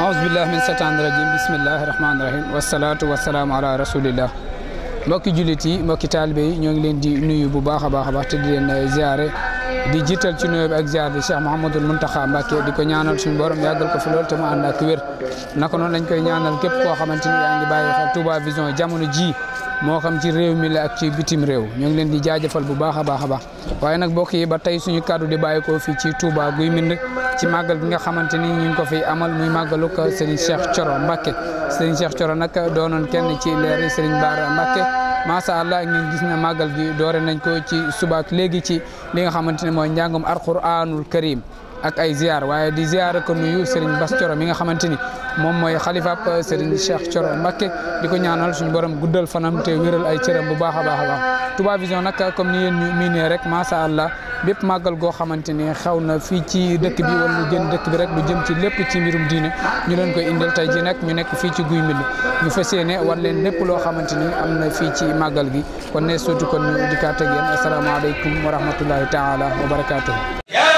ahousubillah min seytaan rajim bisimillahi rahmaani rahim wasalaatu wasalaamu ala rasulillah mbokki jullit yi mbokki taalibe yi ñoo ngi leen di nuyu bu baax a baax a baax te di di jiital ci nuyoo ak ziar bi Cheikh Mouhamadul Mountakha Mbacké di ko ñaanal suñu borom yàggal ko fi lool te mu ànd ak wér naka noonu lañ koy ñaanal képp koo xamante ni yaa ngi bàyyi xel jamono ji moo xam ci réew mi la ak ci bitim réew ñu ngi leen di jaajëfal bu baax a baax a baax waaye nag mbokk yi ba tey suñu kàddu di bàyyi ko fii ci Touba guy mind ci màggal bi nga xamante ni ñu ko fi amal muy màggalu ko Serigne Cheikh coro Mbacké Serigne Cheikh Thioro nag doonoon kenn ci leeri Serigne Bara Mbacké macha allah ngeen gis na màggal gi doore nañ ko ci subaak léegi ci li nga xamante ne mooy njàngum alquranul karim ak ay ziar waaye di ziar ko nuyu Serigne Bass Thioro mi nga xamante ni moom mooy xalifab Serigne Cheikh Thioro Mbacké di ko ñaanal suñu borom guddal fanam te wéral ay cëram bu baax a baax a baax Touba Vision nag comme ni yéen ñu miinee rek macha allah. bépp màggal goo xamante ne xew na fii ci dëkk bi wala lu gën dëkk bi rek lu jëm ci lépp ci mbirum diine ñu leen koy indil tey ji nag ñu nekk fii ci guy mbind ñu fas yéene war leen lépp loo xamante ni am na fii ci màggal gi kon ne sotti kon ñu dikkaat ak yéen asalaamaaleykum wa rahmatullahi taala wa barakaatuhu